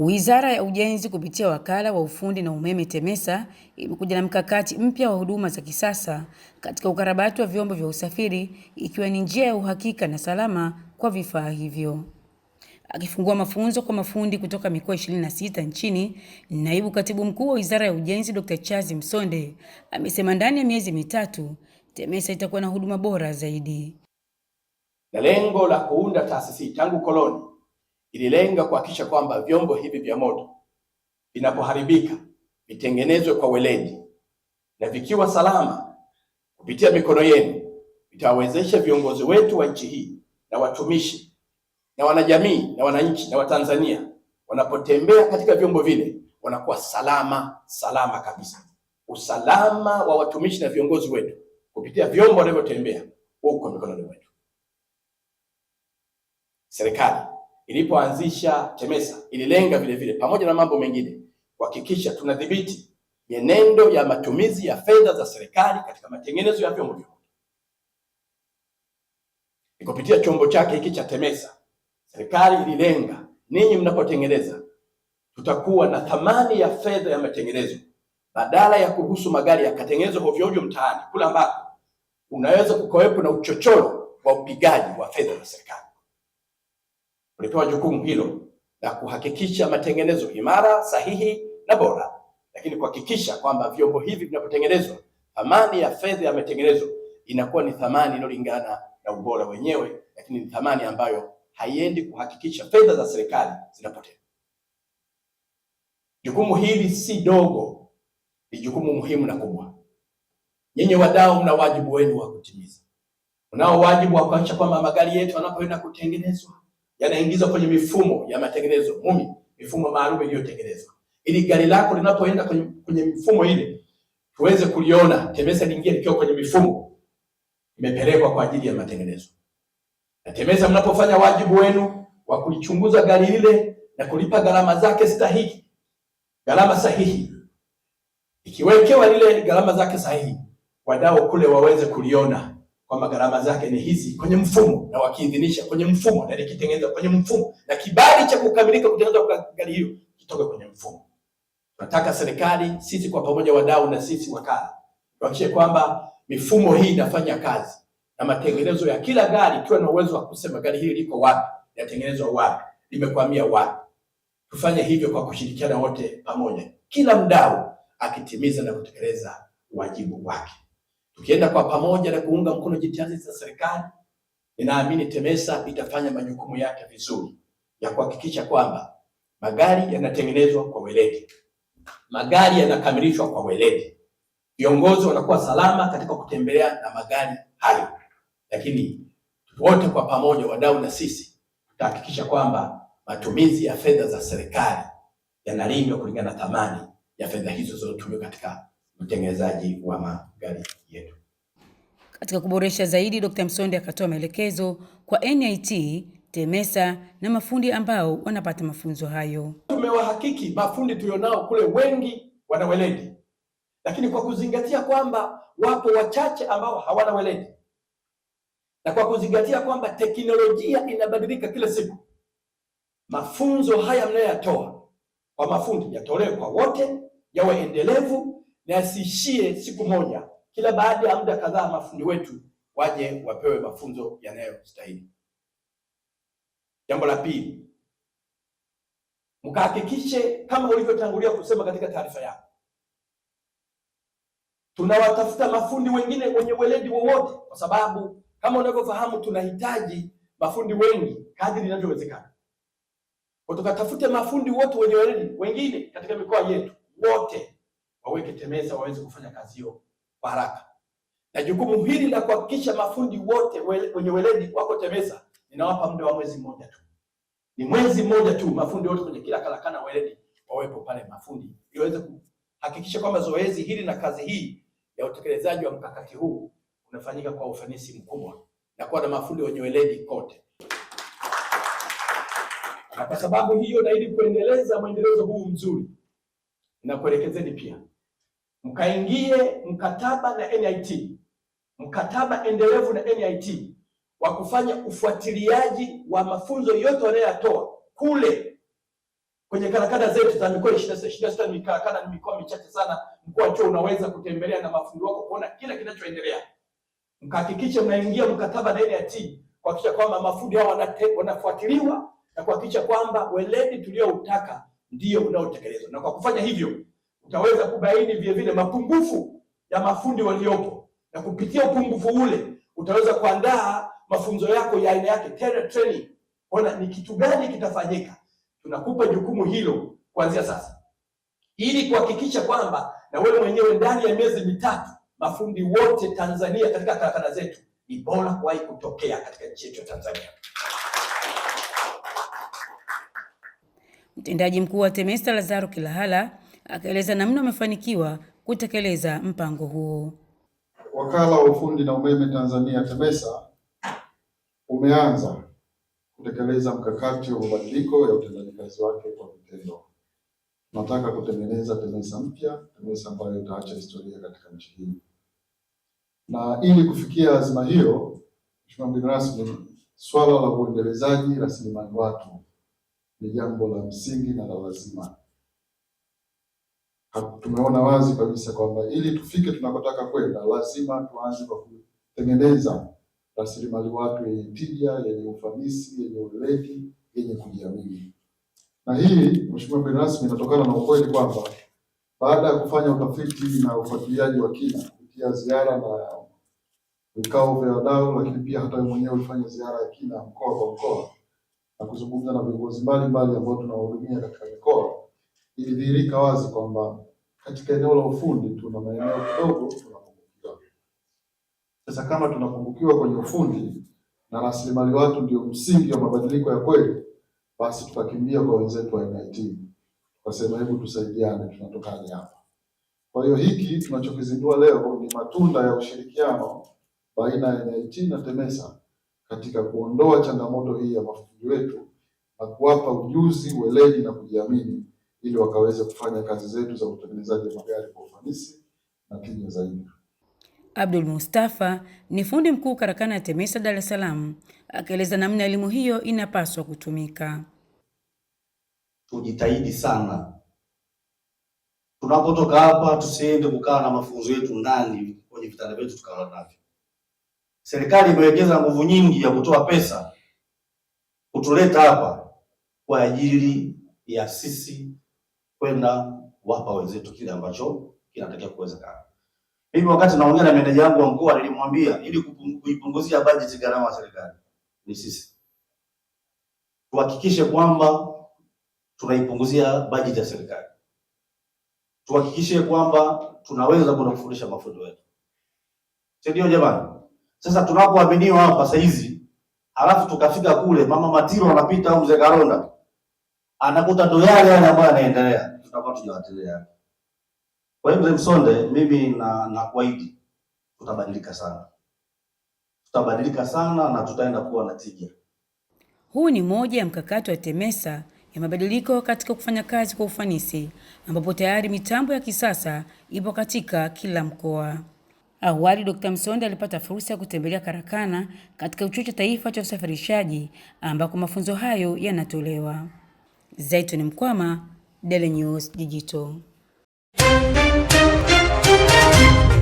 Wizara ya Ujenzi kupitia Wakala wa Ufundi na Umeme TEMESA imekuja na mkakati mpya wa huduma za kisasa katika ukarabati wa vyombo vya usafiri ikiwa ni njia ya uhakika na salama kwa vifaa hivyo. Akifungua mafunzo kwa mafundi kutoka mikoa 26 nchini, Naibu Katibu Mkuu wa Wizara ya Ujenzi Dr. Charles Msonde amesema ndani ya miezi mitatu TEMESA itakuwa na huduma bora zaidi. Na lengo la kuunda taasisi tangu koloni ililenga kuhakikisha kwamba vyombo hivi vya moto vinapoharibika vitengenezwe kwa weledi na vikiwa salama kupitia mikono yenu, vitawawezesha viongozi wetu wa nchi hii na watumishi na wanajamii na wananchi na Watanzania wanapotembea katika vyombo vile wanakuwa salama salama kabisa. Usalama wa watumishi na viongozi wetu kupitia vyombo wanavyotembea uko mikononi mwetu. Serikali ilipoanzisha TEMESA ililenga vile vile, pamoja na mambo mengine, kuhakikisha tunadhibiti mienendo ya matumizi ya fedha za serikali katika matengenezo ya vyombo vya moto. Ni kupitia chombo chake hiki cha TEMESA serikali ililenga, ninyi mnapotengeneza tutakuwa na thamani ya fedha ya matengenezo, badala ya kuruhusu magari yakatengenezwa hovyo hovyo mtaani kule ambako unaweza kukawepo na uchochoro wa upigaji wa fedha za serikali ulipewa jukumu hilo la kuhakikisha matengenezo imara, sahihi na bora, lakini kuhakikisha kwamba vyombo hivi vinapotengenezwa, thamani ya fedha ya matengenezo inakuwa ni thamani inayolingana na ubora wenyewe, lakini ni thamani ambayo haiendi kuhakikisha fedha za serikali zinapotea. Jukumu hili si dogo, ni jukumu muhimu na kubwa. Nyinyi wadau, mna wajibu wenu wa kutimiza. Mnao wajibu wa kuhakikisha kwamba magari yetu yanapoenda kutengenezwa yanaingizwa kwenye mifumo ya matengenezo MUMI, mifumo maalum iliyotengenezwa ili gari lako linapoenda kwenye, kwenye mifumo ile tuweze kuliona TEMESA liingie likiwa kwenye mifumo imepelekwa kwa ajili ya matengenezo. Na TEMESA mnapofanya wajibu wenu wa kulichunguza gari lile na kulipa gharama zake stahiki, gharama sahihi, ikiwekewa lile gharama zake sahihi, wadau kule waweze kuliona kwamba gharama zake ni hizi kwenye mfumo, na wakiidhinisha kwenye mfumo na nikitengeneza kwenye mfumo, na kibali cha kukamilika kutengeneza kwa gari hiyo kitoke kwenye mfumo. Tunataka serikali, sisi kwa pamoja, wadau na sisi wakala, tuhakikishe kwamba mifumo hii inafanya kazi na matengenezo ya kila gari ikiwa na uwezo wa kusema gari hili liko wapi, linatengenezwa wapi, limekwamia wapi. Tufanye hivyo kwa kushirikiana wote pamoja, kila mdau akitimiza na kutekeleza wajibu wake tukienda kwa pamoja na kuunga mkono jitihada za serikali, ninaamini TEMESA itafanya majukumu yake vizuri ya kuhakikisha kwamba magari yanatengenezwa kwa weledi, magari yanakamilishwa kwa weledi, viongozi wanakuwa salama katika kutembelea na magari hayo. Lakini wote kwa pamoja, wadau na sisi, tutahakikisha kwamba matumizi ya fedha za serikali yanalindwa kulingana na thamani ya fedha hizo zilizotumika katika utengenezaji wa magari yetu. Katika kuboresha zaidi, Dr. Msonde akatoa maelekezo kwa NIT, TEMESA na mafundi ambao wanapata mafunzo hayo. Tumewahakiki mafundi tulionao kule, wengi wana weledi, lakini kwa kuzingatia kwamba wapo wachache ambao hawana weledi na kwa kuzingatia kwamba teknolojia inabadilika kila siku, mafunzo haya mnayoyatoa kwa mafundi yatolewe kwa wote, yawe endelevu na yasiishie siku moja kila baada ya muda kadhaa mafundi wetu waje wapewe mafunzo yanayostahili. Jambo la pili, mkahakikishe kama ulivyotangulia kusema katika taarifa yako, tunawatafuta mafundi wengine wenye weledi wowote, kwa sababu kama unavyofahamu tunahitaji mafundi wengi kadri inavyowezekana. Tukatafute mafundi wote wenye weledi wengine katika mikoa yetu, wote waweke TEMESA waweze kufanya kazi hiyo kwa haraka, na jukumu hili la kuhakikisha mafundi wote wenye weledi wako TEMESA ninawapa muda wa mwezi mmoja tu. Ni mwezi mmoja tu, mafundi wote kwenye kila karakana weledi wawepo pale, mafundi ili waweze kuhakikisha kwamba zoezi hili na kazi hii ya utekelezaji wa mkakati huu unafanyika kwa ufanisi mkubwa na kuwa na mafundi wenye weledi kote. Na kwa sababu hiyo, na ili kuendeleza mwendelezo huu mzuri, nakuelekezeni pia mkaingie mkataba na NIT, mkataba endelevu na NIT wa kufanya ufuatiliaji wa mafunzo yote wanayoyatoa kule kwenye karakana zetu za mikoa ishirini na sita. karakana ni mikoa michache sana, mkuu wa chuo unaweza kutembelea na mafundi wako kuona kila kinachoendelea. Mkahakikishe mnaingia mkataba na NIT kuhakikisha kwamba mafundi hao wanafuatiliwa na kuhakikisha kwamba weledi tulioutaka ndio unaotekelezwa, na kwa kufanya hivyo utaweza kubaini vilevile mapungufu ya mafundi waliopo, na kupitia upungufu ule utaweza kuandaa mafunzo yako ya aina yake, tena training, kuona ni kitu gani kitafanyika. Tunakupa jukumu hilo kuanzia sasa, ili kuhakikisha kwamba na wewe mwenyewe ndani ya miezi mitatu mafundi wote Tanzania katika karakana zetu ni bora kuwahi kutokea katika nchi yetu ya Tanzania. Mtendaji mkuu wa Temesta Lazaro Kilahala akaeleza namna wamefanikiwa kutekeleza mpango huo. Wakala wa ufundi na umeme Tanzania TEMESA umeanza kutekeleza mkakati wa mabadiliko ya utendaji kazi wake kwa vitendo. Tunataka kutengeneza TEMESA mpya, TEMESA ambayo itaacha historia katika nchi hii, na ili kufikia azma hiyo, Mheshimiwa mgeni rasmi, swala la uendelezaji rasilimali watu ni jambo la msingi na la lazima tumeona wazi kabisa kwamba ili tufike tunakotaka kwenda, lazima tuanze kwa kutengeneza rasilimali watu yenye tija, yenye ufanisi, yenye uledi, yenye kujiamini. Na hii Mheshimiwa mgeni rasmi, inatokana na ukweli kwamba baada ya kufanya utafiti na ufuatiliaji wa kina kupitia ziara na vikao vya wadau, lakini pia hata mwenyewe ulifanya ziara ya kina mkoa kwa mkoa na kuzungumza na viongozi mbalimbali ambao tunawahudumia katika mikoa ilidhihirika wazi kwamba katika eneo la ufundi tuna maeneo kidogo tunapungukiwa. Sasa kama tunapungukiwa kwenye ufundi na rasilimali watu ndio msingi wa mabadiliko ya kweli, basi tutakimbia kwa wenzetu wa NIT, tukasema hebu tusaidiane, tunatokaje hapa? Kwa hiyo hiki tunachokizindua leo ni matunda ya ushirikiano baina ya NIT na TEMESA katika kuondoa changamoto hii ya mafundi wetu na kuwapa ujuzi, weledi na kujiamini ili wakaweze kufanya kazi zetu za utengenezaji magari kwa ufanisi na tija zaidi. Abdul Mustafa ni fundi mkuu karakana ya TEMESA Dar es Salaam, akieleza namna elimu hiyo inapaswa kutumika. Tujitahidi sana tunapotoka hapa, tusiende kukaa na mafunzo yetu ndani kwenye vitanda vyetu tukawa navyo. Serikali imewekeza nguvu nyingi ya kutoa pesa kutuleta hapa kwa ajili ya sisi kwenda kuwapa wenzetu kile ambacho kinatakiwa kuwezekana. Mimi wakati naongea na meneja wangu wa mkoa nilimwambia ili kuipunguzia bajeti gharama ya serikali ni sisi tuhakikishe kwamba tunaipunguzia bajeti ya serikali, tuhakikishe kwamba tunaweza kwenda kufundisha mafundo yetu, si ndio jamani? Sasa tunapoaminiwa hapa saizi, halafu tukafika kule mama Matiro anapita au mzee Karonda anakuta ndo yale yale ambayo yanaendelea, tutakuwa tujawatelea. Kwa hiyo Msonde, mimi na nakuahidi tutabadilika sana, tutabadilika sana na tutaenda kuwa na tija. Huu ni moja ya mkakati wa TEMESA ya mabadiliko katika kufanya kazi kwa ufanisi, ambapo tayari mitambo ya kisasa ipo katika kila mkoa. Awali Dr. Msonde alipata fursa ya kutembelea karakana katika Chuo cha Taifa cha Usafirishaji ambako mafunzo hayo yanatolewa. Zaituni Mkwama, Daily News Digital.